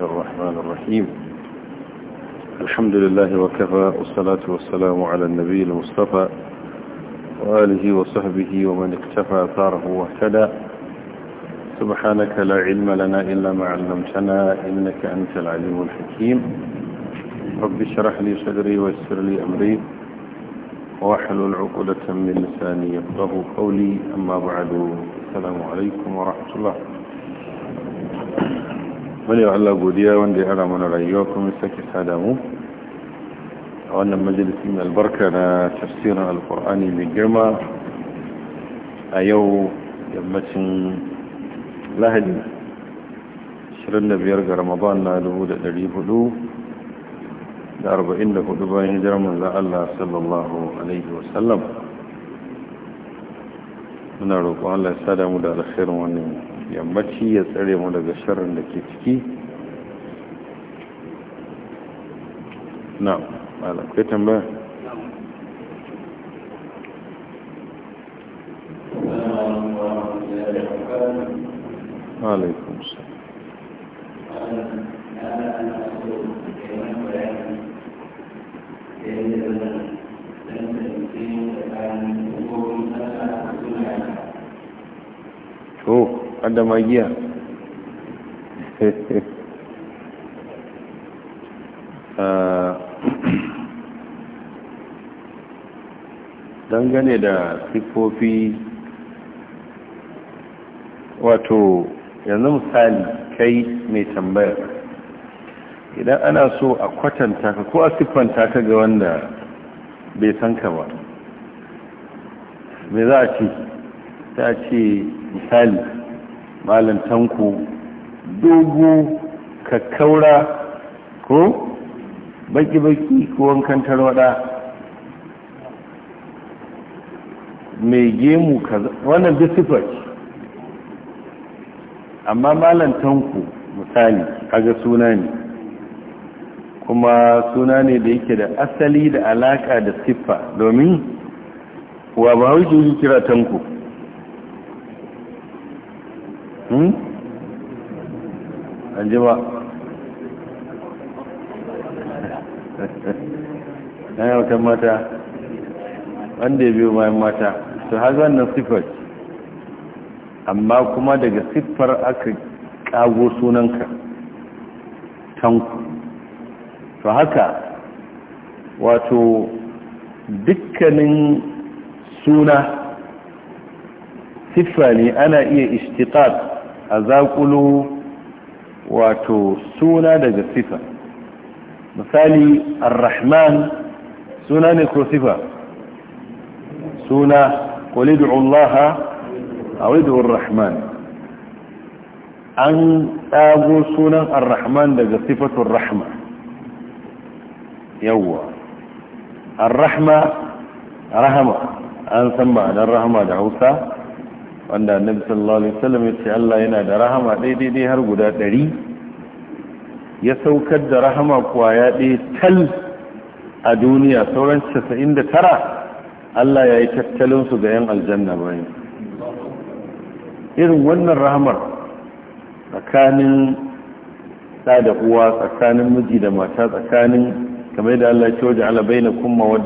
الرحمن الرحيم الحمد لله وكفى والصلاة والسلام على النبي المصطفى وآله وصحبه ومن اكتفى أثاره واهتدى سبحانك لا علم لنا إلا ما علمتنا إنك أنت العليم الحكيم رب اشرح لي صدري ويسر لي أمري واحل العقلة من لساني يفقه قولي أما بعد السلام عليكم ورحمة الله mune wa Allah godiya wanda ya hara mana rayuwa kuma sake sada mu a wannan majalisin albarka na tafsirin alkur'ani mai girma a yau yammacin lahadi 25 ga ramadan na 1444 bayan hijirar za' Allah sallallahu alaihi wasallam muna roƙon Allah ya sada mu da alkhairin wannan yammaci ya tsare mu daga sharrin da ke ciki na malakai tambaya alaikum tambaya. da magiya ah. dangane da siffofi wato yanzu misali kai mai tambaya idan ana so a kwatanta ka ko a siffanta ka ga wanda bai san ka ba me za a ce ta ce misali malam tanku dogo kakkaura ko baki-baki ko wankan tarwada mai gemu kaza wannan disifar amma malam tanku misali kaga suna ne kuma suna ne da yake da asali da alaka da siffa domin wa ba hau kira tanku Hmm? an ji ba na yautar mata wanda ya biyo bayan mata to har wannan siffar amma kuma daga siffar aka kago sunanka tanku to haka wato dukkanin suna siffa ne ana iya ishtiqaq a wato suna daga sifa misali ar-rahman suna ne ko sifa suna ƙulidu a wadda rahman an ɗago sunan ar-rahman daga sifatun rahma yawwa ar-rahma rahama an san ma'anar rahama da hausa wanda annabi sallallahu alaihi wasallam ya ce Allah yana da rahama daidai dai har guda ɗari ya saukar da rahama kuwa ya ɗaya tal a duniya sauran 99 Allah ya yi tattalin su ga 'yan aljanna bayan irin wannan rahamar tsakanin ɗa da uwa tsakanin miji da mata tsakanin kamar da Allah ce waje alabai na kuma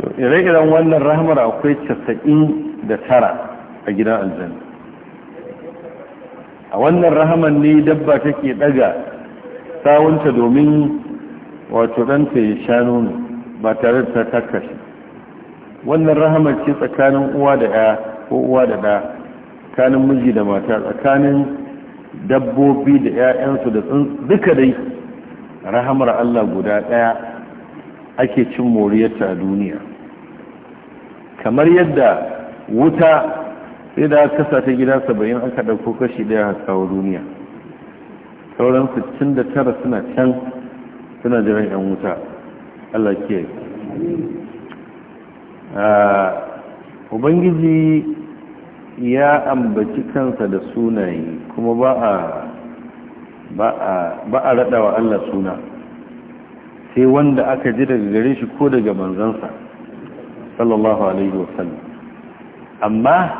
to ire-iren wannan rahamar akwai casa'in da tara a gidan aljanna a wannan rahaman ne dabba take daga sawunta domin wato ɗanta ya sha nono ba tare da ta kashe wannan rahamar ce tsakanin uwa da ya ko uwa da ɗa tsakanin miji da mata tsakanin dabbobi da 'ya'yansu da duka dai rahamar Allah guda ɗaya ake cin moriyarta a duniya kamar yadda wuta sai da aka kasa ta gida saba'in aka ɗauko kashi ɗaya a kawo duniya sauran 69 suna can suna jiran 'yan wuta allah ke ubangiji ya ambaci kansa da sunaye kuma ba a ba a wa allah suna sai wanda aka ji daga gare shi ko daga manzansa sallallahu alaihi wasallam amma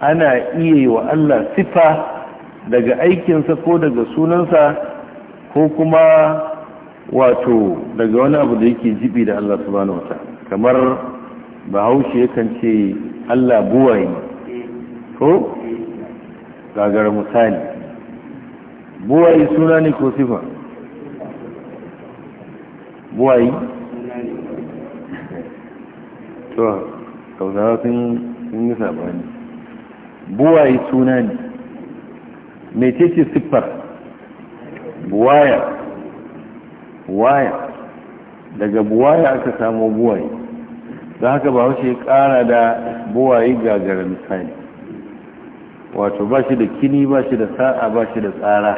ana iya yi wa Allah sifa daga aikinsa ko daga sunansa ko kuma wato daga wani abu da yake jibi da Allah subhanahu wata kamar bahaushe yakan ce Allah buwaye ko gagar misali buwaye suna ne ko sifa buwaye to kaunawa sun in yi sabani buwaye suna ne teke siffar buwaya waya daga buwaya aka samo buwaye da haka ba wace kara da buwaye gagara misali wato ba shi da kini ba shi da sa'a ba shi da tsara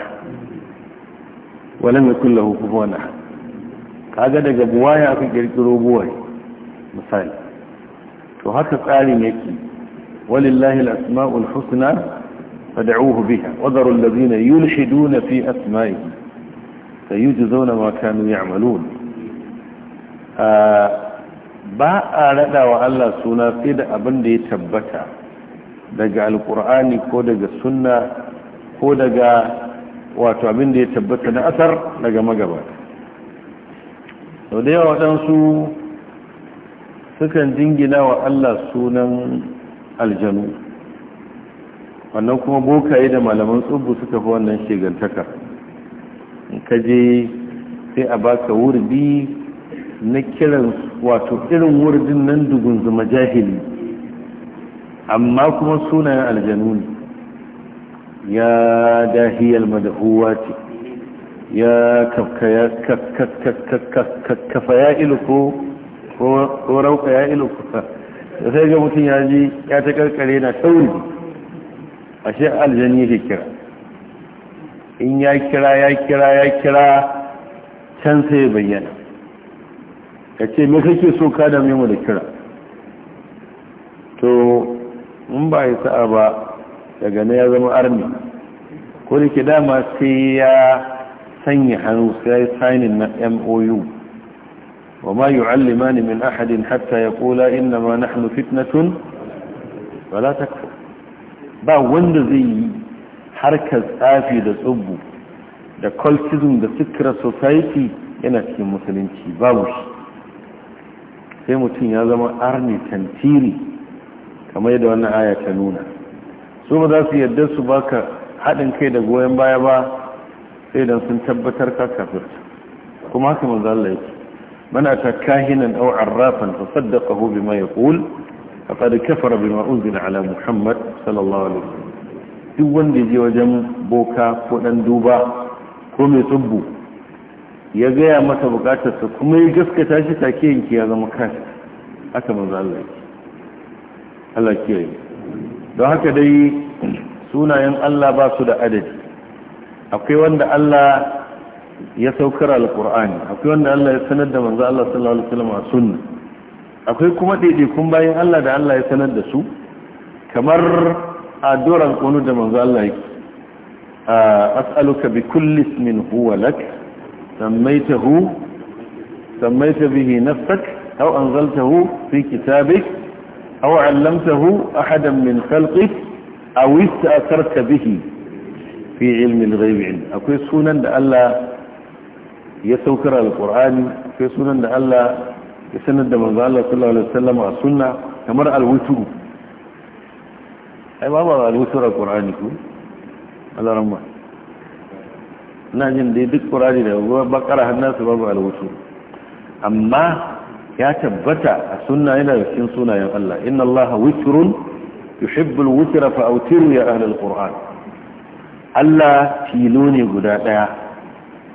wani mai kulla hukuma na kaga daga buwaya aka kirkiro buwaye misali to haka tsarin yake walillahi al-asma'ul husna fad'uhu biha wadharu alladhina yulhiduna fi asma'ihi sayujzauna ma kanu ya'malun ba a rada wa Allah suna sai abin da ya tabbata daga alqur'ani ko daga sunna ko daga wato abin da ya tabbata na asar daga magaba. sau da yawa waɗansu sukan jingina wa Allah sunan aljanu wannan kuma bokaye da malaman tsubu suka fi wannan shigantaka in ka je sai a baka wurdi na kiran wato irin wurdin nan dugun zuma jahili amma kuma sunayen aljanu ne ya dahiyar madahuwa ce ya kafka ya ilu ko rauka ya ilu da sai ga mutum ya ji ya ta karkare na sauri a shi aljani yake kira in ya kira ya kira ya kira can sai bayyana ka ce me kake so ka da mu da kira to in ba ya sa'a ba daga na ya zama armi ko da ke dama sai ya sanya hannu sai ya sainin na mou وما يعلمان من أحد حتى يقولا إنما نحن فتنة فلا تكفر ba wanda zai yi harkar tsafi da tsubu da cultism da secret society yana cikin musulunci babu shi sai mutum ya zama arni tantiri kamar yadda wannan aya ta nuna su ba za su yadda su baka haɗin kai da goyon baya ba sai don sun tabbatar ka kafirta kuma haka manzo Allah yake من أتى كاهنا أو عرافا فصدقه بما يقول فقد كفر بما أنزل على محمد صلى الله عليه وسلم duk wanda je wajen boka ko dan duba ko mai tsubbu ya gaya masa bukatarsa kuma ya gaskata shi take yanki ya zama kashi haka manzo Allah Allah yi don haka dai sunayen Allah ba su da adadi akwai wanda Allah ya saukar alkur'ani akwai wanda Allah ya sanar da manzo Allah sallallahu alaihi wasallam a sunna akwai kuma daidaikun bayan Allah da Allah ya sanar da su kamar addu'ar alqunu da manzo Allah yake as'aluka bi kulli ismin huwa lak sammaytahu sammayta bihi nafsak aw anzaltahu fi kitabik aw 'allamtahu ahadan min khalqik aw ista'tharta bihi fi ilmi al-ghayb akwai sunan da Allah ya saukar alkur'ani sai sunan da Allah ya sanar da manzo Allah sallallahu alaihi wasallam a sunna kamar alwuturu ai babu alwuturu alkur'ani ko Allah rahma ina jin dai duk qur'ani da bakara hannasu babu alwuturu amma ya tabbata a sunna yana da cikin sunayen Allah inna Allah witrun yuhibbul witra fa awtiru ya ahlul qur'an Allah tilo ne guda daya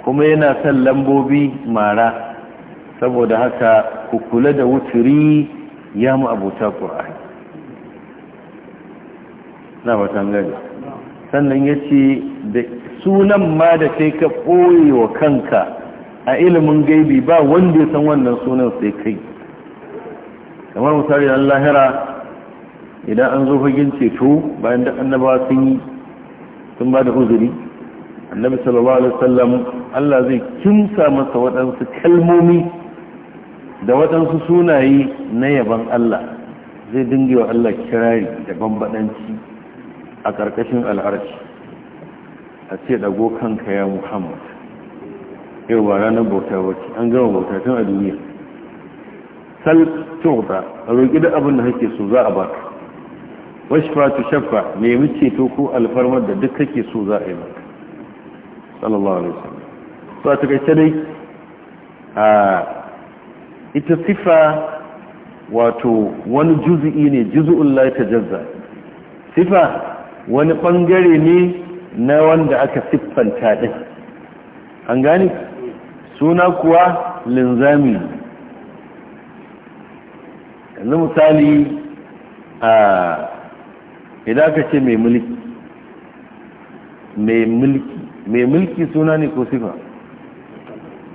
kuma yana son lambobi mara saboda haka ku kula da wuturi ya mu abota ƙur'ani na watan gani sannan ya ce da sunan ma da kai ka ɓoye wa kanka a ilimin gaibi ba wanda ya san wannan sunan sai kai kamar misali an lahira idan an zo fagen ceto bayan da annabawa sun yi sun ba da uzuri annabi sallallahu alaihi wasallam Allah zai kimsa masa waɗansu kalmomi da waɗansu sunaye na yaban Allah zai dinga wa Allah kirari da bambadanci a ƙarƙashin al'arshi a ce ɗago kanka ya Muhammad yau ba ranar bauta wacce an gama bauta tun a duniya sal tuqta roƙi da abin da kake so za a baka washfa tu shaffa nemi ceto ko alfarmar da duk kake so za a yi maka sallallahu alaihi wasallam to a takaice sai a ita sifa wato wani juz'i ne juz'ul la tajazza sifa wani bangare ne na wanda aka siffanta din an gane suna kuwa linzami yanzu misali a idan ka ce mai mulki mai mulki mai mulki suna ne ko sifa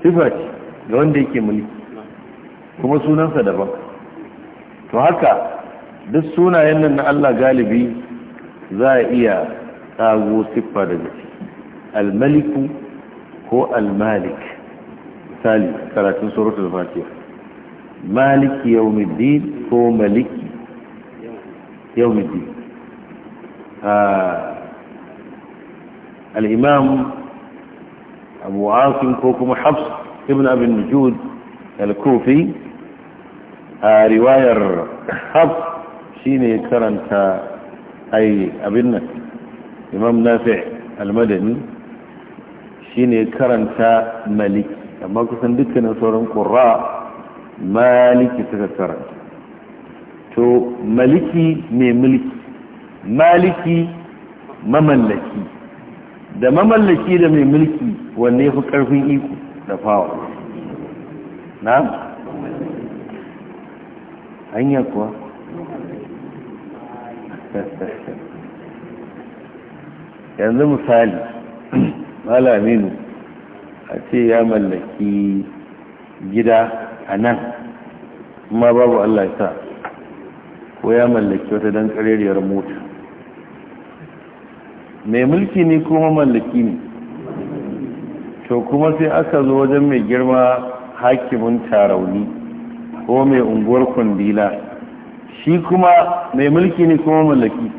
sifa ce ga wanda yake mulki kuma sunansa daban to haka duk sunayen nan na Allah galibi za a iya tsago siffa daga almaliku ko almalik misali karatun suratul fatiha maliki yawmiddin ko maliki yawmiddin ah, al'imam abu Asin ko kuma Habs ibn abin nujud al-kufi a riwayar hafs shine karanta ai abin nan imam nafi al-madani shine karanta maliki amma kusan dukkanin sauran ƙura maliki suka karanta to maliki mai mulki maliki mamallaki da mamallaki da mai mulki wanne fi ƙarfin iko da fawa na hanya kuwa yanzu misali malaminu a ce ya mallaki gida a nan babu allah ya sa ko ya mallaki wata don kareriyar mota mai mulki ne kuma mallaki ne to kuma sai aka zo wajen mai girma hakimin tarauni ko mai unguwar kundila shi kuma mai mulki ne kuma mallaki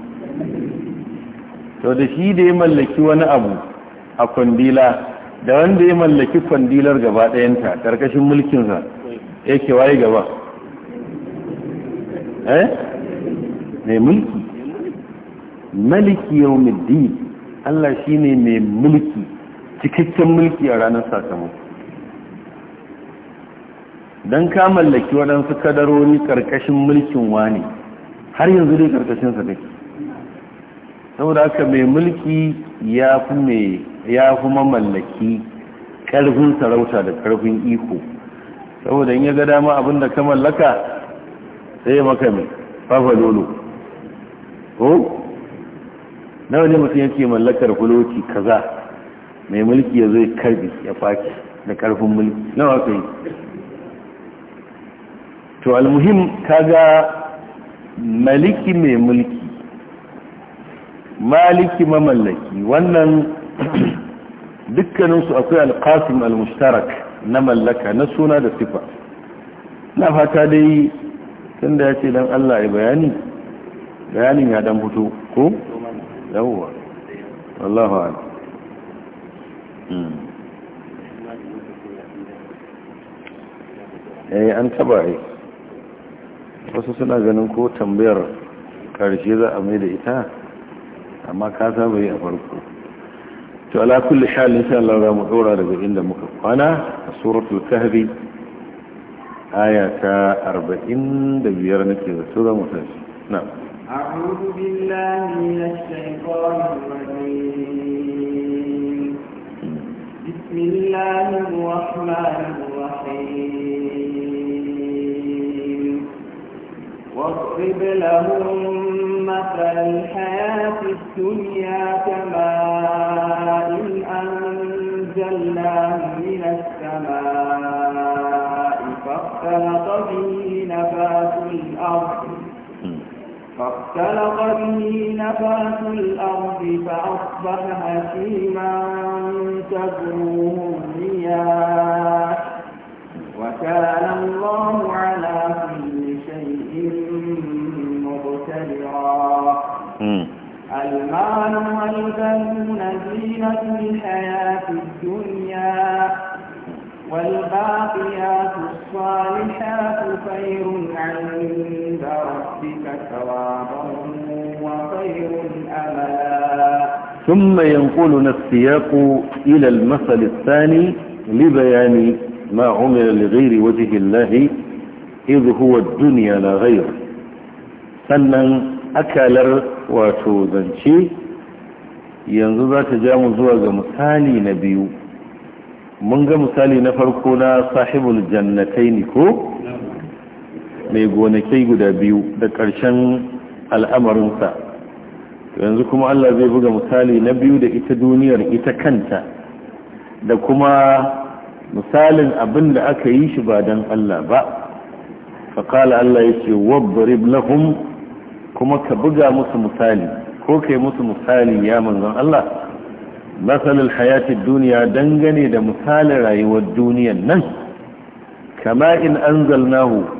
to da shi da ya mallaki wani abu a kundila, da wanda ya mallaki kundilar gaba ɗayanta ƙarƙashin mulkinsa yake waye gaba eh mai mulki maliki yawmiddin Allah shine mai mulki cikakken mulki a ranar sakamako don ka mallaki waɗansu kadarori ƙarƙashin mulkin wani har yanzu dai ƙarƙashin sa saboda haka mai mulki ya fi ya fi mamallaki karfin sarauta da ƙarfin iko saboda in ya ga dama abin da ka mallaka sai maka mai fafa lolo nawa ne mutum yake mallakar kuloci kaza mai mulki ya zo karbi ya faki da karfin mulki nawa ka yi to almuhim kaga maliki mai mulki maliki mamallaki wannan dukkaninsu akwai alkasim almustarak na mallaka na suna da sifa na fata dai tun da ya ce don allah ya bayani bayanin ya dan fito ko yawwa wallahu ala hmm. eh an taba yi wasu suna ganin ko tambayar karshe za a mai da ita amma ka saba yi a farko to ala kulli hal insha Allah za mu dora daga inda muka kwana a suratul kahfi aya ta 45 nake da sura mutashi na'am أعوذ بالله من الشيطان الرجيم بسم الله الرحمن الرحيم واضرب لهم مثل الحياة الدنيا كماء أنزلناه من السماء فاختلط به نبات الأرض فاختلق به نبات الأرض فأصبح هشيما تذروه الرياح وكان الله على كل شيء مبتدرا المال والبنون زينة الحياة الدنيا والباقيات الصالحات خير عند ثم ينقل السياق إلى المثل الثاني لبيان ما عمل لغير وجه الله إذ هو الدنيا لا غير فنن أكل وشوذنشي ينزل تجامز وغمثالي نبي منغمثالي نفركنا صاحب الجنتين كو نعم. mai gonakai guda biyu da ƙarshen al'amarinsa yanzu kuma Allah zai buga misali na biyu da ita duniyar ita kanta da kuma misalin abin da aka yi shi ba don Allah ba faƙala Allah ya ce wabbarib lahum kuma ka buga musu misali ko kai musu misali ya manzan Allah masalin hayatin duniya dangane da misalin rayuwar duniyan nan kama in an zalnahu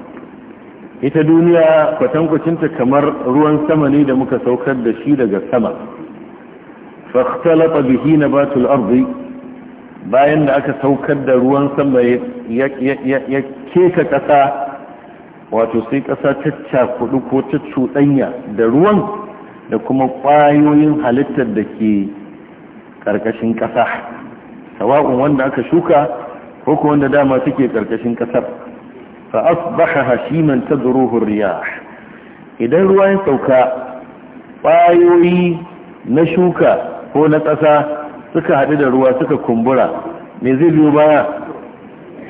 ita duniya kwatankwacinta kamar ruwan sama ne da muka saukar da shi daga sama فاختلط bihi nabatul ardi bayan da aka saukar da ruwan sama ya keka ƙasa wato sai ƙasa ta kudu ko ta cuɗanya da ruwan da kuma ƙwayoyin halittar da ke ƙarƙashin ƙasa sawa'un wanda aka shuka ko wanda dama suke ƙarƙashin ƙasar fa asbaha hashiman tadruhu riyah idan ruwa ya sauka ɓayoyi na shuka ko na ƙasa suka haɗu da ruwa suka kumbura me zai biyo baya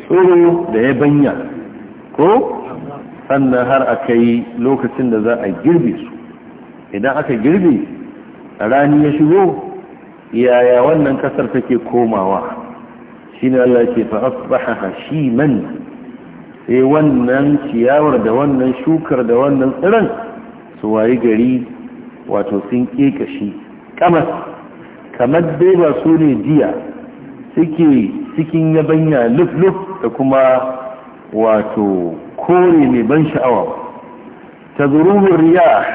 tsoro da ya banya ko sannan har aka yi lokacin da za a girbe su idan aka girbe rani ya shigo yaya wannan kasar take komawa shine Allah ce fa asbaha hashiman sai eh, wannan ciyawar da wannan shukar da wannan tsiran su wayi gari wato sun kekashi kamar kamar dai ba su ne jiya suke cikin yabanya luf-luf da kuma wato kore mai ban sha'awa ta zuruhun riya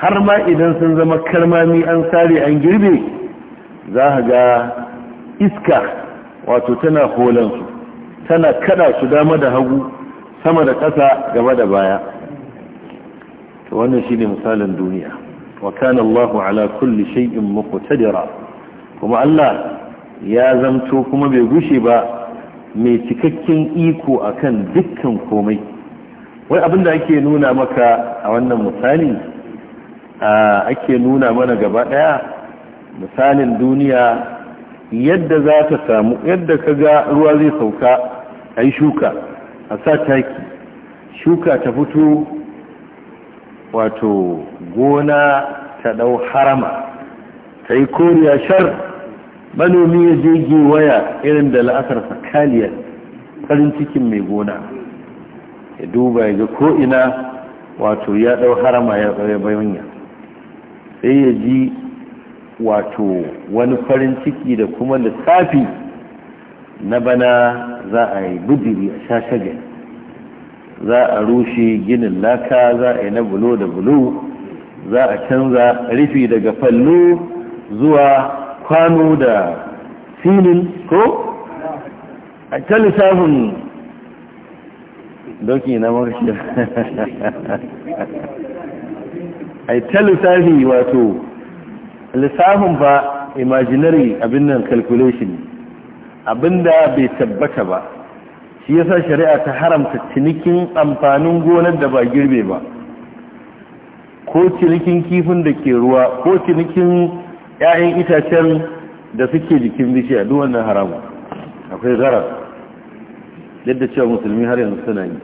har ma idan sun zama karmami an sare an girbe za ga iska wato tana holansu tana kada su dama da hagu sama da ƙasa gaba da baya to wannan shine misalin duniya wa kana Allahu ala kulli shay'in muqtadira kuma Allah ya zamto kuma bai gushe ba mai cikakken iko akan dukkan komai wai abin da ake nuna maka a wannan misali ake nuna mana gaba ɗaya misalin duniya yadda za ta samu yadda ka ga ruwa zai sauka a yi shuka a sa taki shuka ta fito wato gona ta ɗau harama ta yi koriya shar manomi ya je waya irin da la'asar sakaliyar farin cikin mai gona ya duba ya ga ko'ina wato ya ɗau harama ya bayanya sai ya ji wato wani farin ciki da kuma lissafi na bana za a yi budiri a shashage za a rushe ginin laka za a yi na bulo da bulo za a canza rufi daga fallo zuwa kwano da filin ko a ta lissafin doki na marshe a ta lissafi wato lissafin ba imaginary abin nan calculation abinda bai tabbata ba shi yasa shari'a ta haramta cinikin amfanin gonar da ba girbe ba ko cinikin kifin da ke ruwa ko cinikin 'ya'yan itacen da suke jikin bishiya duk wannan haramu akwai zarar yadda cewa musulmi har yanzu suna yi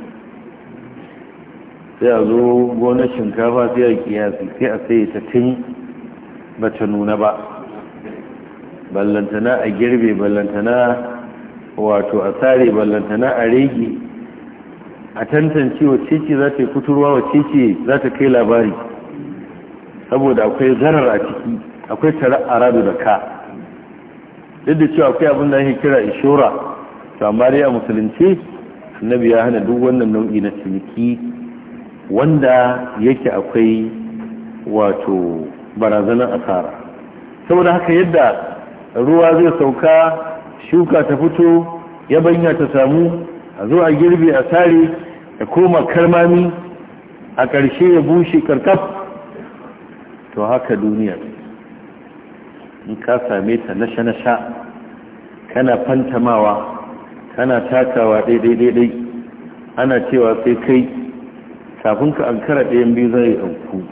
sai a zo gonar shinkafa sai a kiyasi sai a sai ta tun ba ta nuna ba ballantana a girbe ballantana wato a tsare ballantana a rege a tantance wacce ce za ta yi kuturwa wacce ce za ta kai labari saboda akwai zarar a ciki akwai tara a rado da ka duk da cewa akwai abin da ake kira ishora to amma dai a musulunci annabi ya hana duk wannan nau'i na ciniki wanda yake akwai wato barazanar asara saboda haka yadda ruwa zai sauka shuka ta fito yabanya ta samu a zo a girbe a sare ya koma karmami a ƙarshe ya bushe karkaf to haka duniya in ka same ta nasha-nasha kana fantamawa kana takawa daidai-daidai ana cewa sai kai kafin ka an kara ɗayan biyu zai auku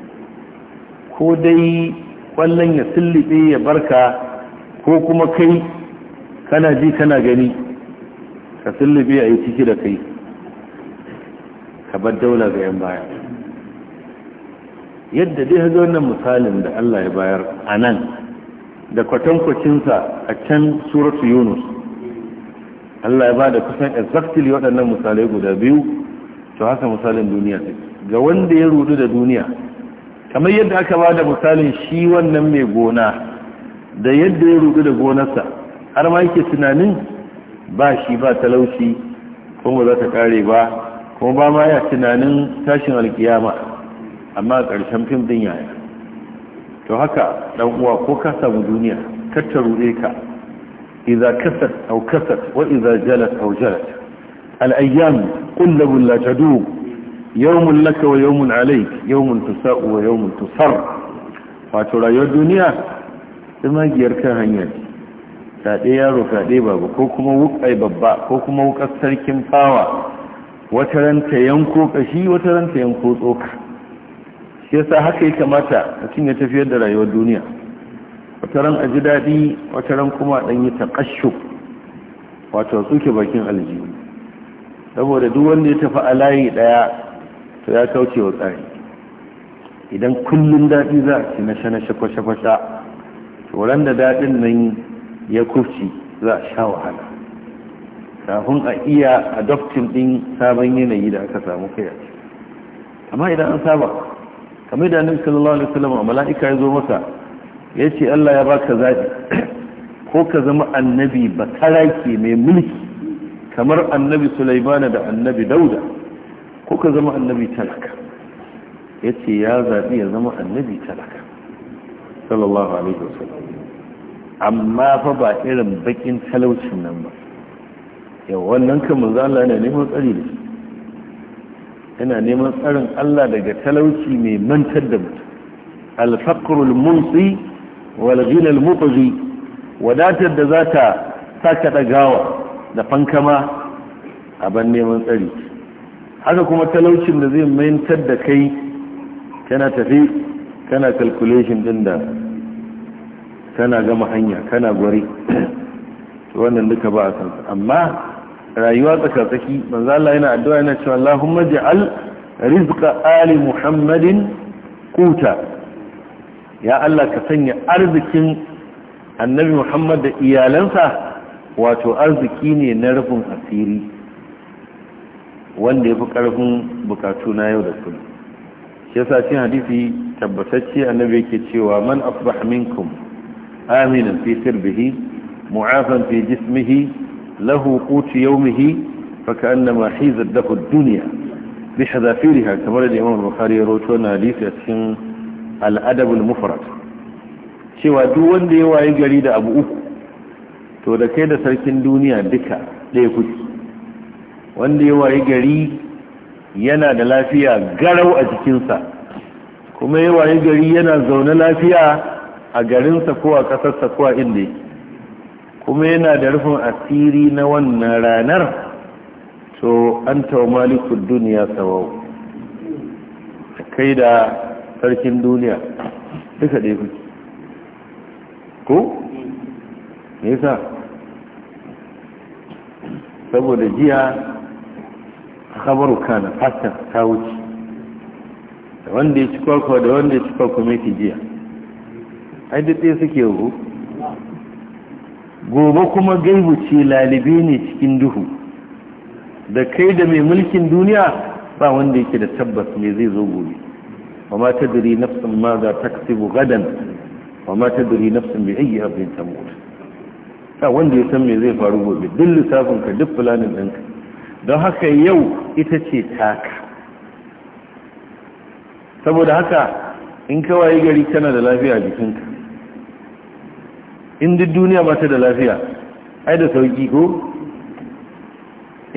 ko dai ƙwallon ya silliɓe ya barka ko kuma kai kana ji kana gani ka sullubi a yi ciki da kai ka bar daula ga yan baya yadda dai hazo wannan misalin da Allah ya bayar a nan da kwatankwacinsa a can suratu yunus Allah ya ba da kusan exactly waɗannan misalai guda biyu to haka misalin duniya ga wanda ya rudu da duniya kamar yadda aka ba da misalin shi wannan mai gona da yadda ya rudu da gonarsa har ma yake tunanin ba shi ba talauci kuma za ta kare ba kuma ba ma ya tunanin tashin alkiyama amma a ƙarshen fim din yaya to haka dan uwa ko ka samu duniya ka taruɗe ka idza kasat aw kasat wa idza jalat aw jalat al ayyam qullabun la tadub yawmun laka wa yawmun alayk yawmun tusa'u wa yawmun tusar wato rayuwar duniya giyar kan hanyar kaɗe yaro kaɗe babu ko kuma wukai babba ko kuma wukar sarkin fawa wata ranta yanko ƙashi wata ranta yanko tsoka shi yasa haka ya kamata a cin ya tafiyar da rayuwar duniya wata ran a ji daɗi wata ran kuma ɗan yi taƙashu wato tsuke bakin aljihu saboda duk wanda ya tafi a layi ɗaya to ya kauce wa tsari idan kullum daɗi za a ci na shana shakwashakwasha tsoron da daɗin nan ya kurci za a sha wahala kafin a iya adoptin ɗin sabon yanayi da aka samu kai a amma idan an saba kamar da annabi sallallahu alaihi wasallam a mala'ika ya zo masa ya ce Allah ya baka zaɓi ko ka zama annabi batarake mai mulki kamar annabi sulaimana da annabi dauda ko ka zama annabi talaka ya ce ya zaɓi ya zama annabi talaka sallallahu alaihi wasallam amma fa ba irin bakin talaucin nan ba yau wannan kan manzo Allah yana neman tsari da shi yana neman tsarin Allah daga talauci mai mantar da mutum al-faqr al-munsi wal ghina al wadatar da zata saka dagawa da fankama aban neman tsari haka kuma talaucin da zai mantar da kai kana tafi kana calculation din da kana gama hanya kana gwari wannan duka ba a san amma rayuwa tsakatsaki manzo Allah yana addu'a yana cewa Allahumma ja'al rizqa ali Muhammadin quta ya Allah ka sanya arzikin annabi Muhammad da iyalansa wato arziki ne na rufin asiri wanda ya fi karfin bukatu na yau da kullum shi yasa cikin hadisi tabbatacce annabi yake cewa man asbah minkum آمنا في سربه معافا في جسمه له قوت يومه فكأنما حيزت له الدنيا بحذافيرها كما رد الإمام البخاري يروتون حديث الأدب المفرد cewa duk wanda ya waye gari da abu uku to da kai da sarkin duniya duka ɗaya kuɗi wanda ya waye gari yana da lafiya garau a jikinsa kuma ya waye gari yana zaune lafiya a garinsa ko a ƙasarsa ko a inda yake kuma yana da rufin asiri na wannan ranar to an tawa malikul duniya sawau kai da sarkin duniya duka ɗaya kuke ko? me yasa saboda jiya khabaru kana fasta ta wuce da wanda ya ci kwakwa da wanda ya ci kwakwa mai jiya ai duk ɗaya suke ruru gobe kuma gaibu ce lalibe ne cikin duhu da kai da mai mulkin duniya ba wanda yake da tabbas me zai zo gobe wa ma tadri nafsin ma za taksibu gadan wa ma ta tadri nafsin mai ayyi ardin tamut ta wanda ya san me zai faru gobe duk lissafin ka duk fulanin ɗinka don haka yau ita ce taka saboda haka in kawai gari kana da lafiya jikinka in duk duniya ba ta da lafiya ai da sauki ko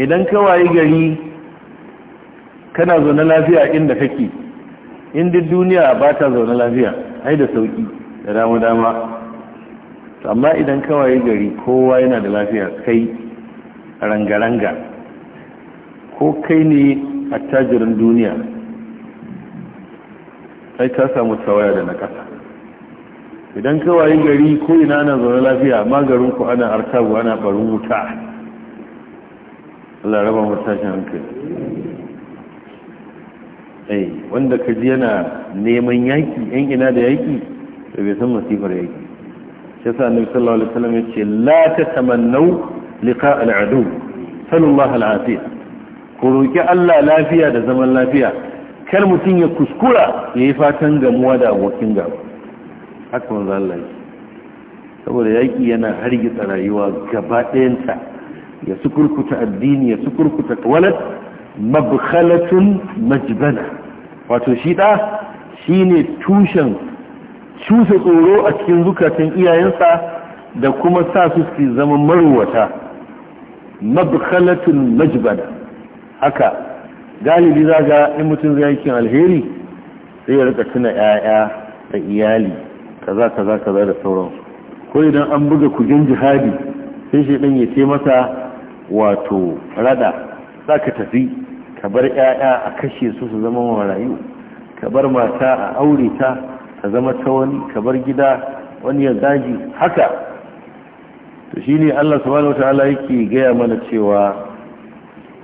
idan ka waye gari kana zaune lafiya inda kake in duk duniya ba ta zaune lafiya ai da sauki da damu dama amma idan ka waye gari kowa yana da lafiya kai rangaranga ko kai ne attajirin duniya ai ka samu tsawaya da na ƙasa idan kawai gari ko ina na zaune lafiya amma garin ku ana harkabu ana barin wuta Allah raba mu tashin hankali ai eh, wanda ka ji yana neman yaki yan ina da yaki da bai san masifar yaki shi yasa annabi sallallahu alaihi wasallam yace la tatamannu liqa al-adu sallallahu alaihi afiya ku roki Allah lafiya da zaman lafiya kar mutun ya kuskura yayi fatan gamuwa da abokin gaba haka wanzu Allah yi saboda yaƙi yana hargitsa rayuwa gaba ɗayanta ya sukurkuta addini ya sukurkuta walat mabkhalatun majbana wato shi shi shine tushen cusa tsoro a cikin zukatan iyayensa da kuma sa su su zama marwata mabkhalatun majbana haka galibi zaga in mutum zai yankin alheri sai ya rika tuna 'ya'ya da iyali kaza kaza kaza da su ko idan an buga kujin jihadi sai shi dan ya ce masa wato rada za tafi ka bar 'ya'ya a kashe su su zama marayu ka bar mata a aure ta ta zama ta wani ka bar gida wani ya daji haka to shi allah subhanahu wataala yake gaya mana cewa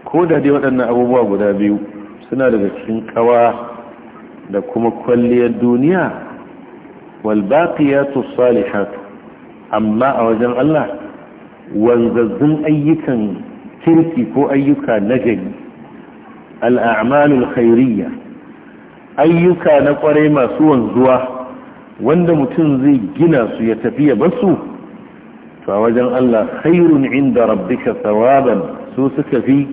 ko da dai waɗannan abubuwa guda biyu suna daga cikin kawa da kuma kwalliyar duniya walbaƙiyatu salihatu amma a wajen Allah wanzazzun ayyukan kirki ko ayyuka na gari al'amalul khairiyya ayyuka na kwarai masu wanzuwa wanda mutum zai gina su ya tafiya basu to a wajen Allah khairun inda rabbika thawaban su suka fi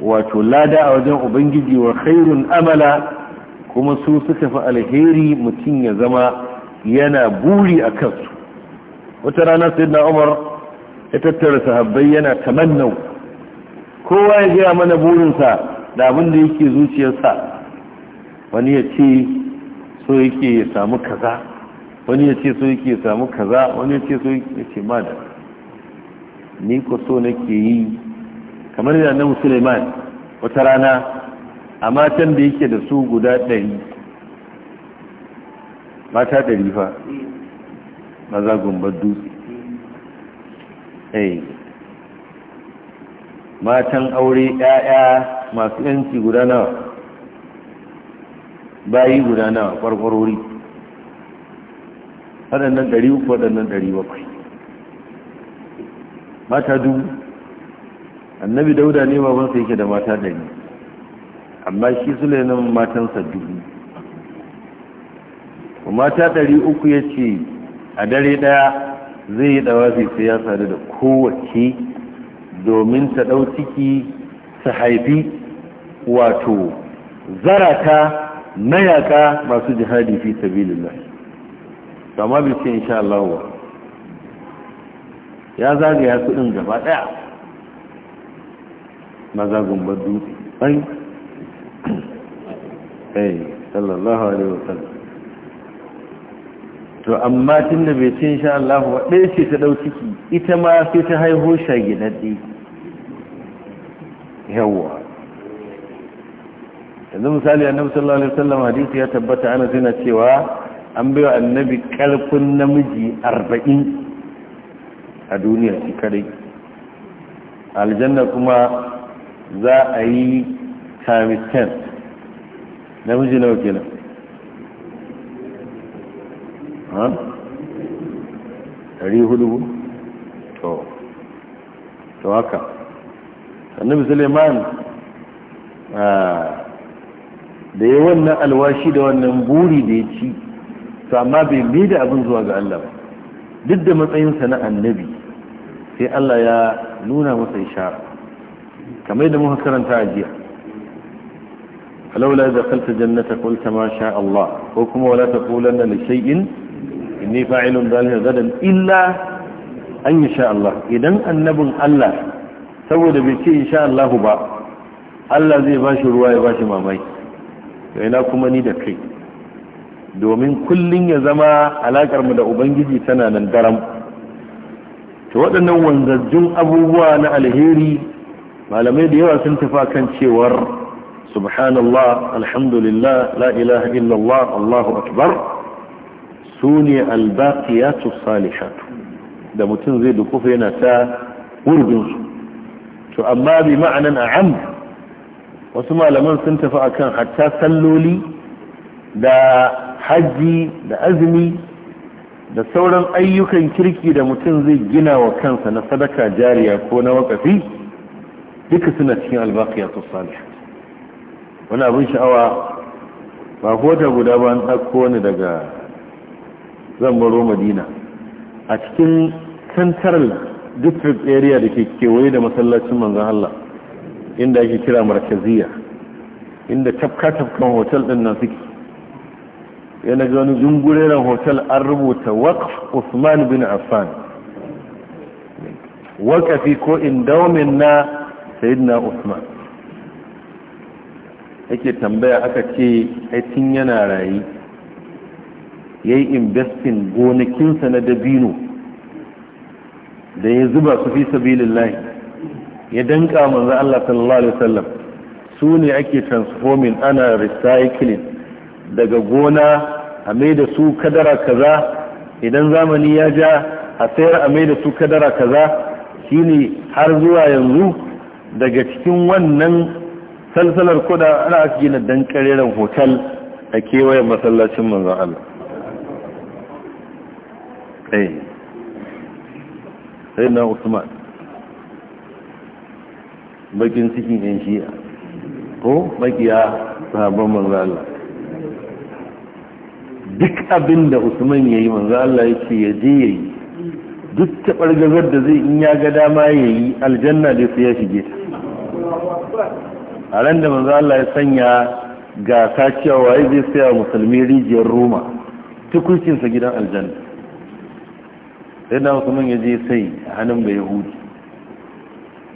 wato lada a wajen ubangiji wa khairun amala kuma su suka fi alheri mutum ya zama yana buri a kansu wata rana sai na umar ya tattara sahabbai yana tamannau kowa ya gaya mana burinsa da abin da yake zuciyarsa wani ya ce so yake ya samu kaza wani ya ce so yake ya samu kaza wani ya ce so ya ce ma da ni ko so nake yi kamar da na musulman wata rana a matan da yake da su guda ɗari mata ɗari fa maza gumbar dutse eh. matan aure ɗaya masu yanci guda nawa bayi guda nawa ƙwarƙwarori waɗannan ɗari uku waɗannan ɗari bakwai mata dubu annabi dauda ne babansa yake da mata ɗari amma shi sulaiman matansa dubu mata ɗari uku ya ce a dare ɗaya zai yi ɗawafi sai ya sadu da kowace domin ta ɗau ciki su haifi wato zarata mayaka masu jihadi fi sabilillah kama bi ce insha Allah wa ya zagaya su ɗin gaba ɗaya maza gumbar dutse ai sallallahu alaihi wasallam to amma tun da bai cin sha Allah ba ɗaya ce ta ɗau ciki ita ma sai ta haihu shagidadde yawwa yanzu misali annabi sallallahu alaihi wasallam hadisi ya tabbata ana zina cewa an bai wa annabi kalfin namiji arba'in a duniya shi kadai aljanna kuma za a yi times 10 namiji nawa kenan ha? ɗari to to haka annabi suleiman ah, da ya wannan alwashi da wannan buri da ya ci to amma bai mai da abin zuwa ga Allah ba duk da matsayinsa na annabi sai Allah ya nuna masa ishara kamar yadda muka karanta a jiya alaula da kalta jannata qulta ma sha Allah ko kuma wala kula na shay'in inni fa'ilun zalika gadan illa an insha Allah idan annabin Allah saboda bai ce sha allahu ba Allah zai bashi ruwa ya bashi mamai to ina kuma ni da kai domin kullum ya zama alakar mu da ubangiji tana nan daram ta waɗannan wanzajjun abubuwa na alheri malamai da yawa sun tafa kan cewar subhanallah alhamdulillah la ilaha illallah allahu akbar su ne albaqiyatu salihatu da mutum zai dukufa yana ta su to amma bi ma'anan am wasu malaman sun tafi akan hatta salloli da hajji da azumi da sauran ayyukan kirki da mutum zai gina wa kansa na sadaka jariya ko na wakafi duka suna cikin albaqiyatu salihatu wani abin sha'awa ba kota guda ba an ɗauko ni daga zan baro madina a cikin central district area da ke kewaye da masallacin manzan Allah inda ake kira markaziya inda tafka-tafkan hotel din nan suke yana ga wani hotel an rubuta waqf usman bin affan waqafi ko endowment na sayyidina usman yake tambaya aka ce ai yana rayu ya yi investin gonakinsa na dabino da ya zuba su fi sabilillahi ya danka manzo Allah sallallahu alaihi wasallam su ne ake transforming ana recycling daga gona a mai da su kadara kaza idan zamani ya ja a sayar a mai da su kadara kaza shine har zuwa yanzu daga cikin wannan salsalar kuda ana ake gina dan hotel a kewayen masallacin manzon Allah eh sai na usman bakin cikin yan shi'a ko makiya sahabban manzo Allah duk abin da usman ya yi manzo Allah ya ce ya je ya yi duk ta bargazar da zai in ya ga dama ya yi aljanna da su ya shige ta a ran da manzo Allah ya sanya gasa cewa ya zai saya musulmi rijiyar roma tukuncinsa gidan aljanna sai da hukumin ya je sai a hannun bai yahudi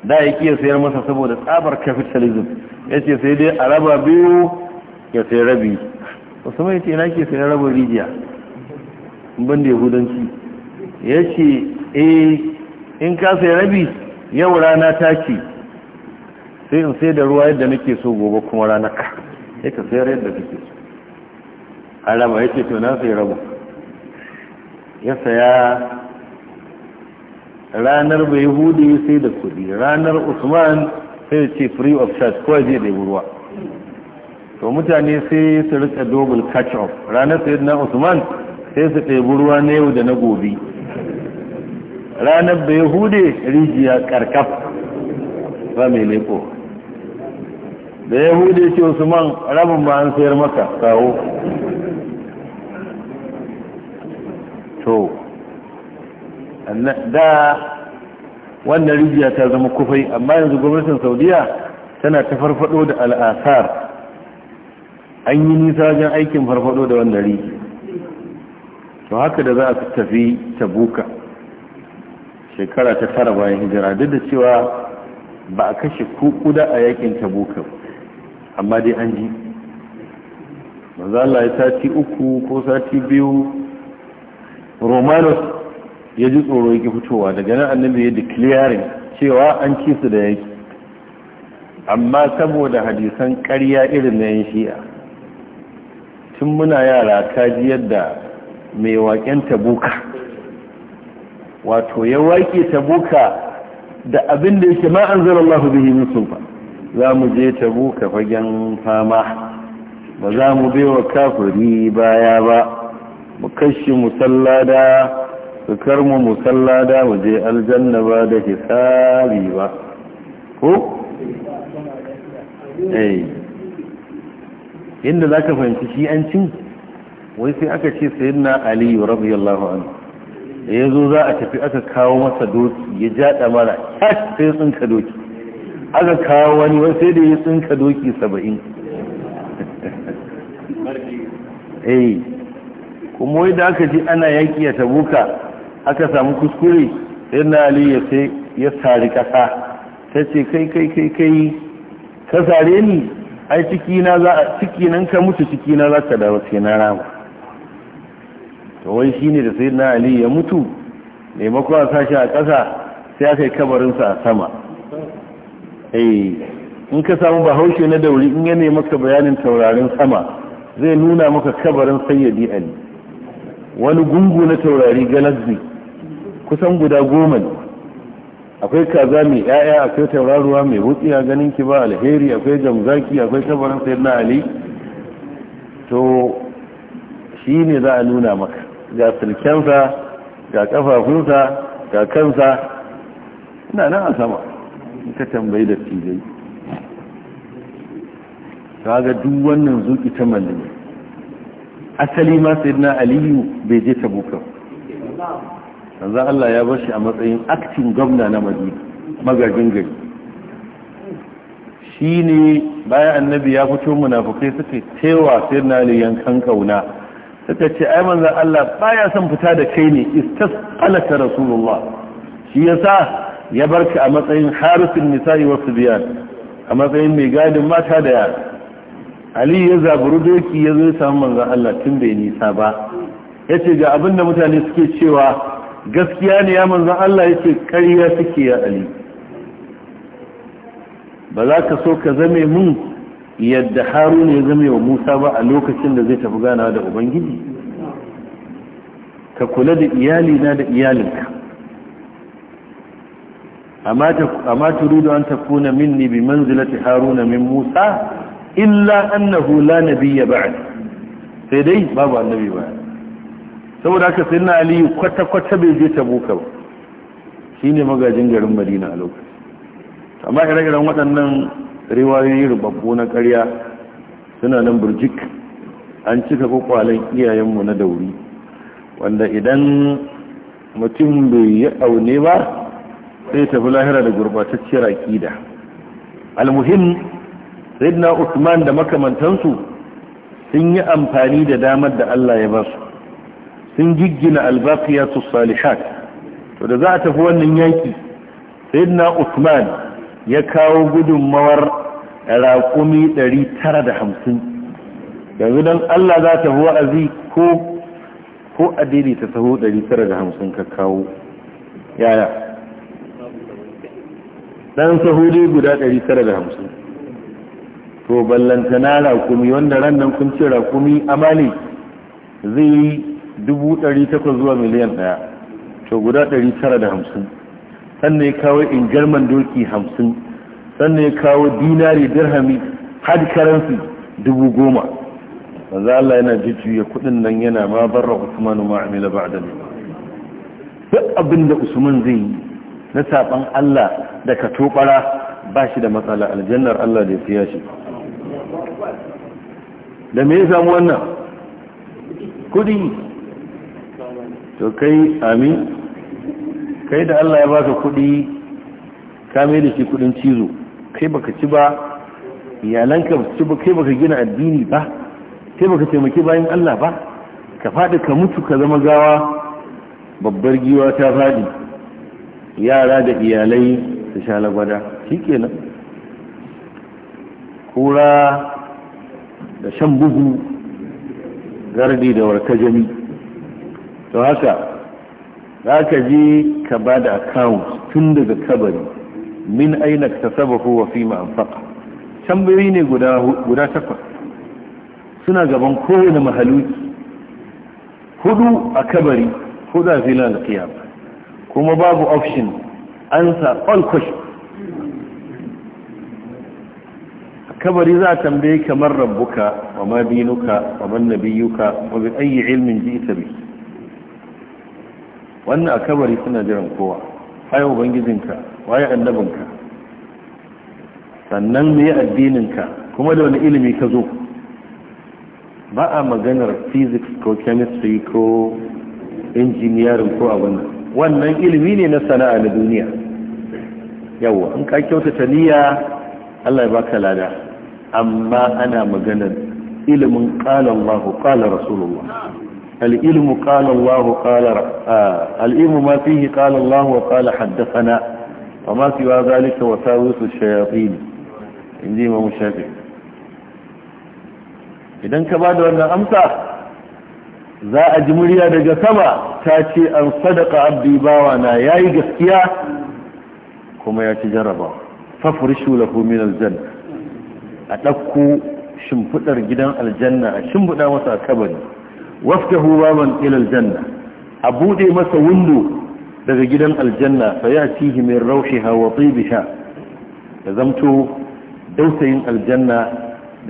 da ya kiya sayar masa saboda tsabar capitalism ya ce sai dai a raba biyu ya sai rabi usman ya ce na ke sayar rabar rijiya ban da yahudanci ya ce eh in ka sai rabi yau rana ta ce sai in sai da ruwa yadda nake so gobe kuma rana ka ya ka sayar yadda kake so a raba ya ce to na sai raba ya saya ranar bai hudu sai da kudi ranar usman sai ce free of charge ko je da ruwa to mutane sai su rika double catch up ranar sai na usman sai su ɗai ruwa na yau da na gobe ranar bai hudu rijiya karkaf ba mai leko da ya hudu ce usman rabin ba an sayar maka kawo to da wannan rijiya ta zama kufai amma yanzu gwamnatin saudiya tana ta farfado da al'asar an yi nisa wajen aikin farfado da wannan rijiya to haka da za a tafi tabuka shekara ta tara bayan hijira duk da cewa ba a kashe kukuda a yakin tabuka amma dai an ji manzo ya sati uku ko sati biyu romanos ya ji tsoro yake fitowa daga nan annabi ya declaring cewa an ci su da yake amma saboda hadisan ƙarya irin na yin shi'a tun muna yara ji yadda mai waƙen tabuka wato ya waƙe tabuka da abin da yake ma'an zara Allah bihi musu ba za mu je tabuka fagen fama ba za mu bewa kafuri baya ba mu kashe musallada su karmu musalla da mu je aljanna ba da hisabi ba ko? eh yadda za ka fahimci shi an cin wai sai aka ce sayin na aliyu radiyallahu anhu da ya zo za a tafi aka kawo masa doki ya jaɗa mara sai ya tsinka doki aka kawo wani wai sai da ya tsinka doki saba'in eh kuma wai da aka ji ana yaki ya tabuka aka samu kuskure sai na ali ya sai ya sari kasa ta ce kai kai kai kai ka sare ni ai ciki na za a ciki nan ka mutu ciki na za ka dawo sai na rama to wai shine da sai na ali ya mutu maimakon a sashi a kasa sai aka yi kabarinsa a sama eh in ka samu bahaushe na dauri in ya maka bayanin taurarin sama zai nuna maka kabarin sayyadi ali wani gungu na taurari galazzi kusan guda goma ne akwai kaza mai yaya akwai tauraruwa mai a ganin ki ba alheri akwai jamzaki akwai kabarin na ali to shi ne za a nuna maka ga sulkensa ga kafafunsa ga kansa ina nan a sama ka tambayi da ta ga duk wannan zuki ta mallin asali ma sayyidina aliyu bai je ta bukan manzan Allah ya bar shi a matsayin aktin gwamna na madina magajin gari shi ne bayan annabi ya fito munafukai suke cewa sai na yankan kauna suka ce ai manzan Allah baya son fita da kai ne istasqalaka rasulullah shi yasa ya barka a matsayin harisun nisa'i wa biyan a matsayin mai gadin mata da yara ali ya zaburu doki ya zo samu manzan Allah tun bai nisa ba yace ga abinda mutane suke cewa gaskiya ne ya manzan Allah ya ce ƙariya suke ya ali ba za ka so ka zame mun yadda haruna ya zame wa musa ba a lokacin da zai tafi ganawa da ubangiji ka kula da iyalina da iyalinka a mata rudu an tafuna minni bi manzilati haruna min musa illa annahu la nabiyya ba'ad sai dai babu annabi ba'ad saboda haka sai na aliyu kwata-kwata bai je ta buka ba shi magajin garin madina a lokaci amma ire-iren waɗannan riwayoyi rubabbo na ƙarya suna nan burjik an cika kwakwalen iyayenmu na dauri wanda idan mutum bai yi aune ba sai tafi lahira da gurbatacciyar aƙida almuhim sayyidina usman da makamantansu sun yi amfani da damar da allah ya ba su. sun giggina albaqiyatu salihat to da za a tafi wannan yaki sayyidina Usman ya kawo gudunmawar raƙumi 950 yanzu dan Allah za ta fi wa'azi ko ko adili ta taho 950 ka kawo yaya dan sahudi guda 950 to ballantana raƙumi wanda ran nan kun ce raƙumi amali zai dubu ɗari takwas zuwa miliyan ɗaya to guda ɗari tara da hamsin sannan ya kawo ingarman doki hamsin sannan ya kawo dinari dirhami hard currency dubu goma manzo Allah yana jujjuya kuɗin nan yana ma barra Usman ma amila da duk abin da Usman zai yi na saban Allah da ka toɓara ba shi da matsala aljannar Allah da ya shi da me ya samu wannan kudi to kai amin kai da Allah ya baka kuɗi ka mai da shi kudin cizo kai baka ci ba iyalanka ci ba kai baka gina addini ba kai baka taimaki bayan Allah ba ka faɗi ka mutu ka zama gawa babbar giwa ta faɗi yara da iyalai su sha lagwada shi kenan kura da shan bugu gardi da warkajami to haka za ka je ka ba da account tun daga kabari min aina ta saba kowa fi ma'amfaka tambayoyi ne guda takwas suna gaban kowane mahaluki hudu a kabari hudu a da alkiyar kuma babu option ansa all questions kabari za a tambaye kamar rabbuka wa ma dinuka wa man nabiyuka wa bi ayi ilmin ji'ta bihi wannan a kabari suna jiran kowa waye ubangijinka waye annabinka sannan ne addininka kuma da wani ilimi ka zo ba a maganar physics ko chemistry ko engineering ko abin wannan ilimi ne na sana'a na duniya yawa in ka kyautata niyya Allah ya baka lada amma ana maganar ilimin qala Allahu qala Rasulullah العلم قال الله قال العلم ما فيه قال الله وقال حدثنا وما سوى ذلك وساوس الشياطين عندي ما مشابه idan ka ba da wannan amsa za a ji murya daga sama ta ce an sadaka abdi bawa na yayi gaskiya kuma ya ci jarraba fafurishu lahu aljanna a ɗauko shimfiɗar gidan aljanna a shimfiɗa masa kabari waftahu baban ila aljanna a bude masa windo daga gidan aljanna fa yatihi min rawhiha wa tibiha ya zamto dausayin aljanna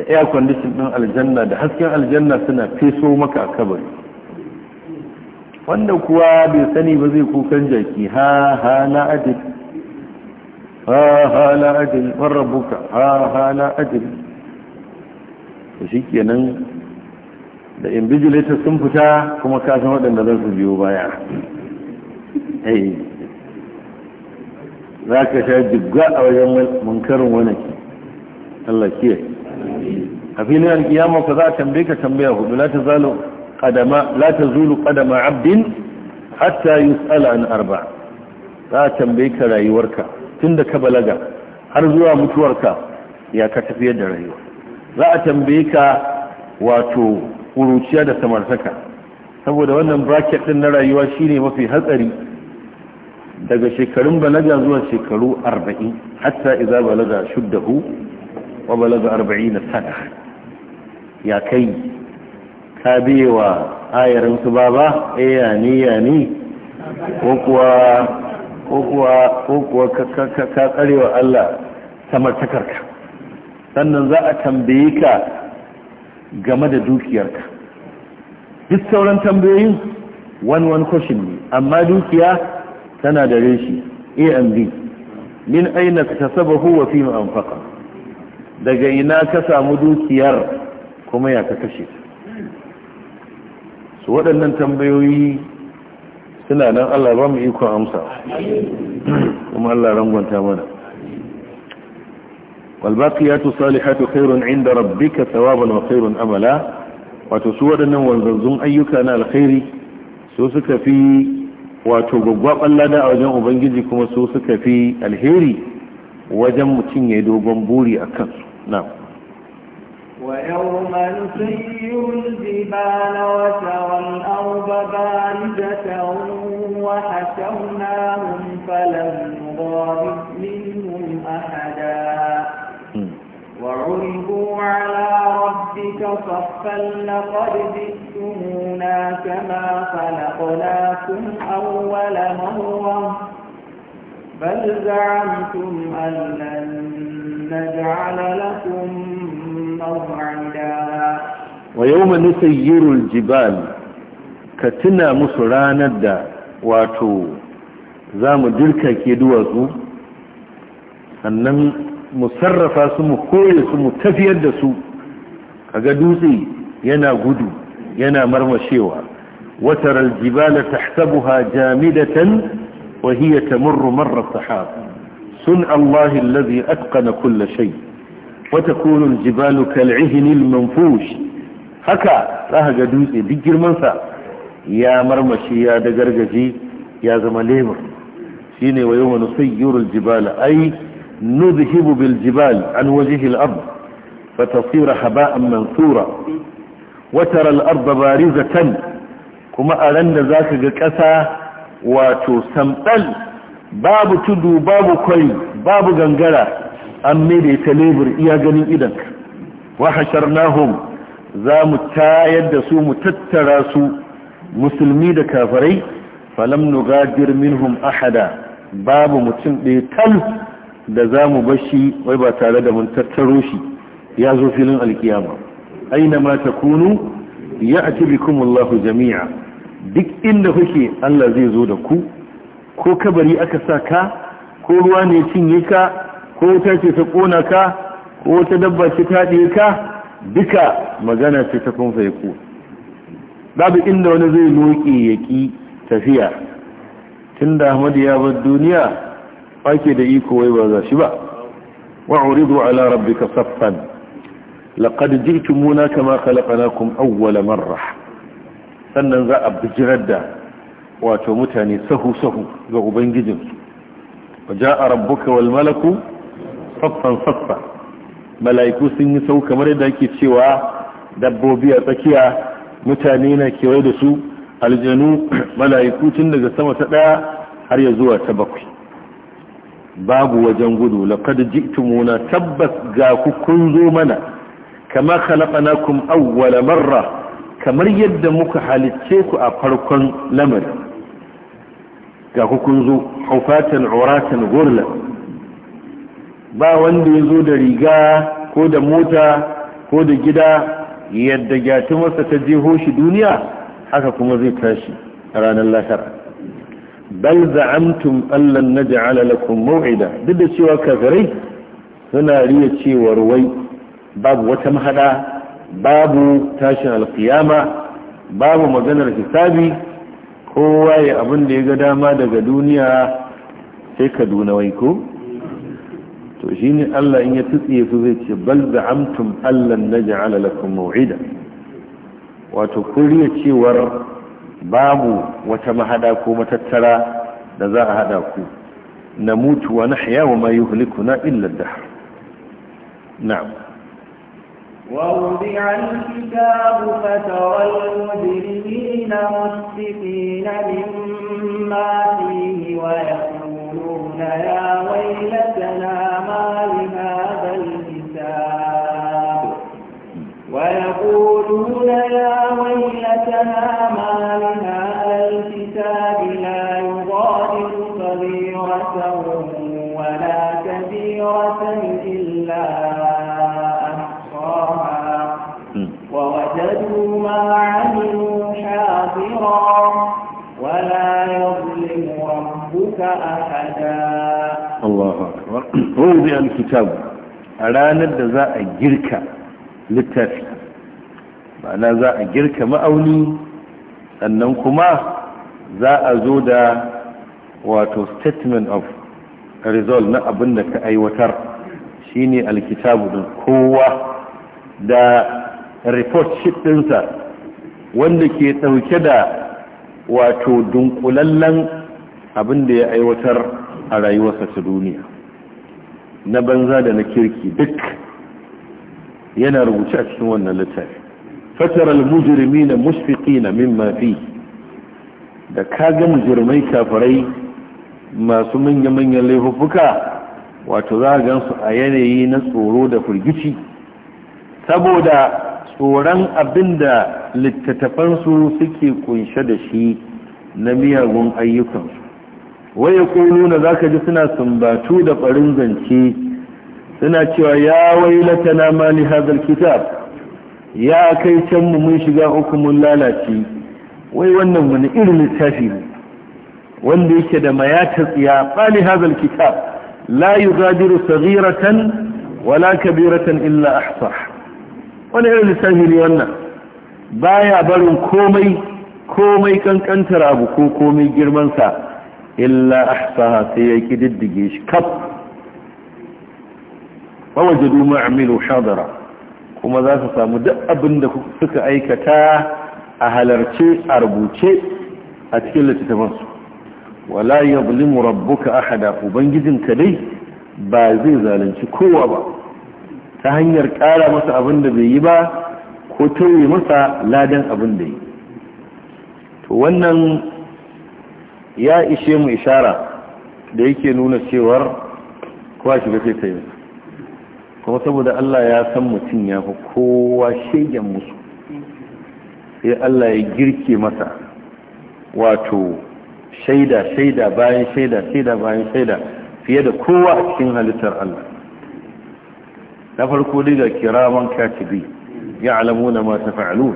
da air condition din aljanna da hasken aljanna suna feso maka a kabari wanda kuwa bai sani ba zai kukan jaki ha ha na ajin ha ha na ajin man ha ha na ajin shi kenan. da invigilator sun fita kuma kasan waɗanda za su biyo baya za ka sha jibga a wajen munkarin wani Allah ke a filin alkiyama ka za a tambe ka tambaya hudu la ta kadama zulu kadama abdin hatta tsala an arba za a tambe ka rayuwarka tun da ka balaga har zuwa mutuwarka ya ka tafiyar da rayuwa za a tambe ka wato ƙuruciya da samartaka saboda wannan bracket din na rayuwa shine mafi hatsari daga shekarun balaga zuwa shekaru 40 hatta idza balaga shuddahu wa balaga 40 sana ya kai ka biyewa ayarin su baba eh ya ni ya ni ko kuwa ka tsarewa Allah samartakarka sannan za a tambaye ka game da dukiyarka duk sauran tambayoyin one one question ne amma dukiya tana da reshi a b min aina kasabahu wa fi anfaqa daga ina ka samu dukiyar kuma ya ka kashe su waɗannan tambayoyi suna nan Allah ba mu ikon amsa kuma Allah rangwanta mana والباقيات الصالحات خير عند ربك ثوابا وخير أملا وتسوى أنه والغزون أيك أنا الخير سوسك في وتبقى لنا أجن أبنجزكم وسوسك في الهير وجمتين يدو بمبوري أكثر نعم ويوم نسير الجبال وترى الأرض باردة وحشرناهم فلم نغادر منهم أحدا وعرضوا على ربك صفا لقد جئتمونا كما خلقناكم أول مرة بل زعمتم أن لن نجعل لكم موعدا ويوم نسير الجبال كتنا مسرانا دا واتو za mu dirkake duwatsu sannan mu sarrafa su mu koye su mu tafiyar da su kaga dutse yana gudu yana marmashewa watar aljibala tahsabuha jamidatan wa hiya tamurru marra sahab sun Allah alladhi atqana kull shay wa takunu aljibalu kal'ihn almanfush haka zaka ga dutse duk girman sa ya marmashe ya da gargaje ya zama lemur shine wa yawma nusayyiru aljibala ay نذهب بالجبال عن وجه الأرض فتصير هباء منثورا وترى الأرض بارزة كما ألن ذاك كسا وتسمقل باب تدو باب كوي باب غنغرة أميري تليبر إيا جنين إذنك وحشرناهم za mu tayar da su mu tattara su musulmi da kafirai falam nugadir minhum ahada babu mutum ɗaya tal da za mu bashi wai ba tare da mun tattaro shi ya zo filin alkiyama aina ma takunu ya ati bikumullahu jami'a duk inda kuke Allah zai zo da ku ko kabari aka sa ka ko ruwa ne cinye ka ko wuta ce ta kona ka ko wata dabba ce ta haɗe ka duka magana ce ta kun faiku babu inda wani zai loke ya ki tafiya tunda Ahmad ya bar duniya ake da iko wai ba za shi ba wa uridu ala rabbika saffan laqad ji'tumuna kama khalaqnakum awwala marra sannan za a bijirar da wato mutane sahu sahu ga ubangijin wa ja'a rabbuka wal malaku saffan saffa mala'iku sun yi sau kamar yadda ake cewa dabbobi a tsakiya mutane na kewaye da su aljanu mala'iku tun daga sama ta daya har ya zuwa ta bakwai babu wajen gudu laqad ji'tumuna tabbas ga ku kun zo mana kama khalaqnakum awwal marra kamar yadda muka halicce ku a farkon lamari ga ku kun zo hufatan uratan gurla ba wanda ya zo da riga ko da mota ko da gida yadda gyatumarsa ta jeho shi duniya haka kuma zai tashi ranar lahira bal za'amtum allan naj'ala lakum maw'ida duk da cewa kafirai suna riya cewa wai babu wata mahada babu tashin alkiyama babu maganar hisabi kowa ya abin da ya ga dama daga duniya sai kaduna wai ko to ne Allah in ya tutsiye su zai ce bal za'amtum allan naj'ala lakum maw'ida wato kuriya cewar babu wata mahada ko matattara da za a hada ku na mutu wa nahya wa illa na'am الكتاب فترى المجرمين مشفقين مما فيه ويقولون يا ويلتنا ما لهذا الكتاب ويقولون يا ويلتنا ما لهذا الكتاب لا يغادر صغيرة ولا كبيرة إلا أحصاها ووجدوا ما عملوا حاضرا ولا يظلم ربك أحدا الله أكبر ووضع الكتاب ranar da za a ma'ana za a girka ma'auni sannan kuma za a zo da wato statement of result na abin da ka aiwatar shi ne alkitabu da kowa da report sheet dinsa wanda ke ɗauke da wato dunkulallen abin da ya aiwatar a rayuwarsa ta duniya na banza da na kirki duk yana rubuce a cikin wannan littafi فترى المجرمين مشفقين مما فيه da kaga mujirmai kafirai masu manya-manyan laifuffuka wato za a gansu a yanayi na tsoro da firgici saboda tsoron abinda littattafansu suke kunshe da shi na miyagun ayyukansu waye nuna za ka ji suna sumbatu da farin zance suna cewa ya na mali hazar kitab ya kai can mu mun shiga uku mun lalace wai wannan wani irin littafi ne wanda yake da mayata tsiya fali hadhal kitab la yughadiru saghiratan wala kabiratan illa ahsah wani irin littafi ne wannan baya barin komai komai kankantar abu ko komai girman sa illa ahsaha sai ya kididdige shi kaf wa wajadu Aminu, amilu hadara kuma za su samu duk abin da suka aikata a halarce a rubuce a cikin littattafansu wala ya aka rabbuka ahada ubangijinka dai ba zai zalunci kowa ba ta hanyar kara masa abin da bai yi ba ko tauye masa ladan abin da yi to wannan ya ishe mu ishara da yake nuna cewar kowa shiga sai kuma saboda Allah ya san mutum ya fi kowa shegen musu sai Allah ya girke masa wato shaida shaida bayan shaida shaida bayan shaida fiye da kowa a cikin halittar Allah na farko daga kiraman katibi ya alamu na masu fa'alu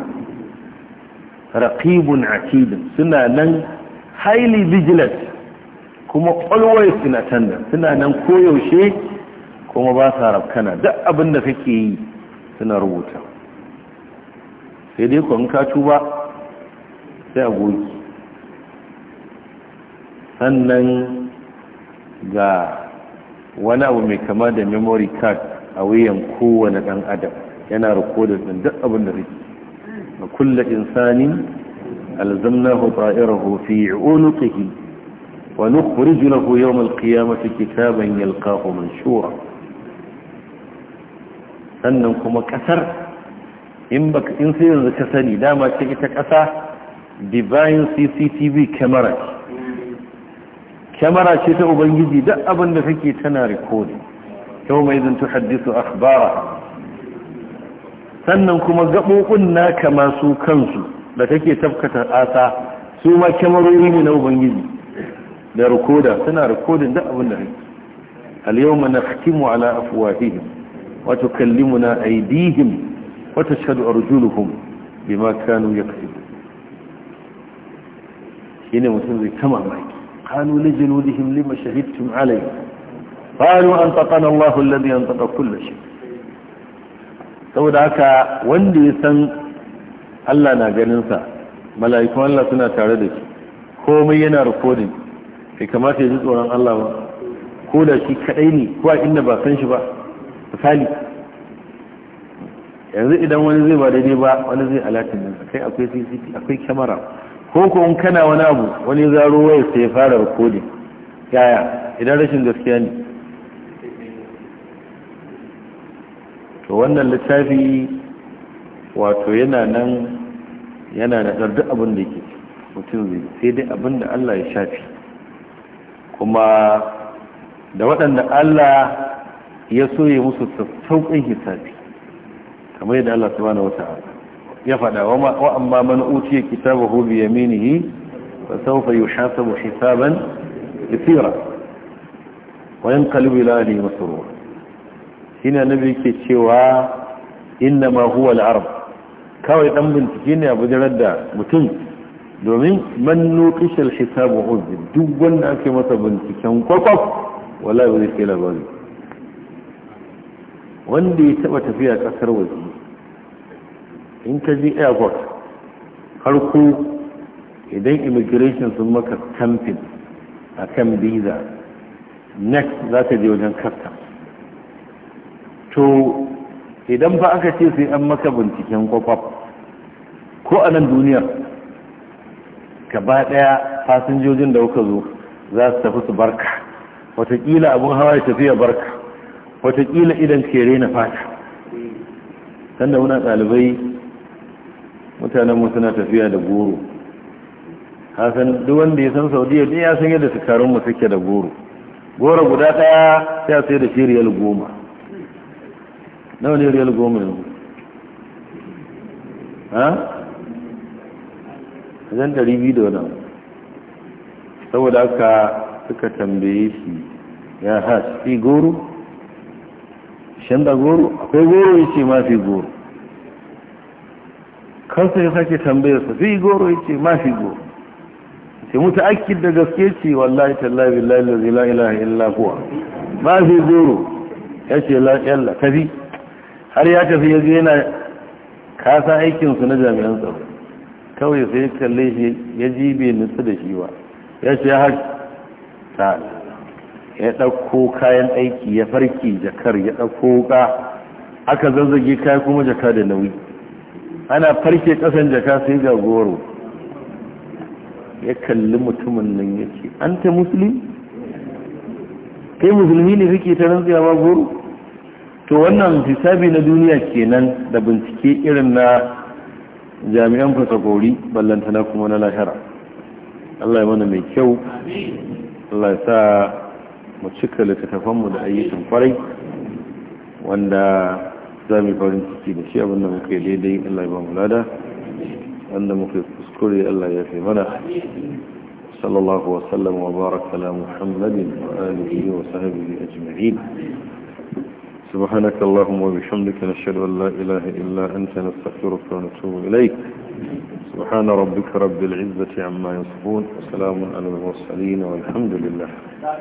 raqibun atidin suna nan highly vigilant kuma always in tanda suna nan koyaushe kuma ba sa rafkana duk abin da kake yi suna rubuta sai dai kwan ka tuba sai a goyi sannan ga wani abu mai kama da memory card a wuyan kowane dan adam yana rikodin ɗin duk abin da kake a kulle insani alzamnahu ta'irahu fi unuqihi wa nukhriju lahu yawm al kitaban yalqahu manshura sannan kuma ƙasar in sai yanzu ka sani dama ce ita ƙasa divine cctv camera kyamara ce ta ubangiji duk abinda da take tana rikodin kyau mai zan tuhaddisu akhbara sannan kuma gaɓoɓin naka masu kansu da take tafkata asa su ma kyamarori ne na ubangiji da rikoda suna rikodin duk abin da hake al yau mana ala afuwa afuwahihim wato kallimuna aidihim wata shaɗu a rujuluhun bi kanu ya kasi shi ne mutum zai kama maki kanu na jinudihim lima shahidtum alai kanu an taƙan allahu lalzi an taƙa kulle shi saboda haka wanda ya san allah na ganinsa mala'ikun allah suna tare da shi komai yana rikodin bai kamata ya ji tsoron allah ba ko da shi kaɗai ne ko a inda ba san shi ba misali yanzu idan wani zai ba daidai ba wani zai alatin nan kai akwai cctv akwai kyamara ko ko in kana wani abu wani zaro waya sai ya fara rikodin yaya idan rashin gaskiya ne to wannan littafi wato yana nan yana da duk abin da yake mutum zai sai dai abin da Allah ya shafi kuma da waɗanda Allah ya so ya musu sauƙin hisabi kamar yadda Allah subhanahu wata'ala ya faɗa wa amma man utiya kitabahu bi yaminihi fa sawfa yuhasabu hisaban kathira wa yanqalibu ila ahlihi masrura shine annabi yake cewa inna ma huwa al-arab kawai dan bincike ne abu jarar da mutum domin man nuqisha al-hisabu duk wanda ake masa binciken kwakwaf wallahi zai kai labari wanda ya taba tafiya kasar waje in ka je airport ko idan immigration sun maka stamping a kan visa next za ka je wajen kasta to idan ba aka ce sai an maka binciken kwakwaf ko a nan duniyar gaba daya fasinjojin da kuka zo za su tafi su barka watakila abin hawa ya tafiya barka watakila idan ke rena fata sanda muna ɗalibai mutanenmu suna tafiya da goro hasan duk wanda ya san saudiya duk ya san yadda mu suke da goro goro guda ɗaya a sai da shi riyal goma nawa ne riyal goma yanzu ha? zan ɗari biyu da wani saboda aka suka tambaye shi ya ha shi goro shan da goro akwai goro ya ce ma fi goro kansa ya sake tambayar sa fi goro ya ce ma fi goro ce mutu akid da gaske ce wallahi tallabi lalazi la'ilaha ilaha illa huwa ma fi goro ya ce la yalla tafi har ya tafi ya yana kasa aikinsu na jami'an tsaro kawai sai kalle shi ya jibe nutsu da shi ba ya ce haka ya ɗauko kayan aiki ya farki jakar ya ɗauko wuka aka zazzage kayan kuma jaka da nauyi ana farke ƙasan jaka sai ga goro ya kalli mutumin nan ya ce an ta musulmi kai musulmi ne kake ta rantsiya ba goro to wannan hisabi na duniya kenan da bincike irin na jami'an fasakori ballantana kuma na lahara Allah ya mana mai kyau Allah ya sa mu cika littattafanmu da ayyukan kwarai wanda za mu farin ciki da shi abinda muka yi daidai Allah ya ba mu lada wanda muka kuskure Allah ya fi mana sallallahu wa sallam wa baraka ala muhammadin wa alihi wa sahbihi ajma'in سبحانك اللهم وبحمدك نشهد أن لا إله إلا أنت نستغفرك ونتوب إليك سبحان ربك رب العزة عما يصفون وسلام على المرسلين والحمد لله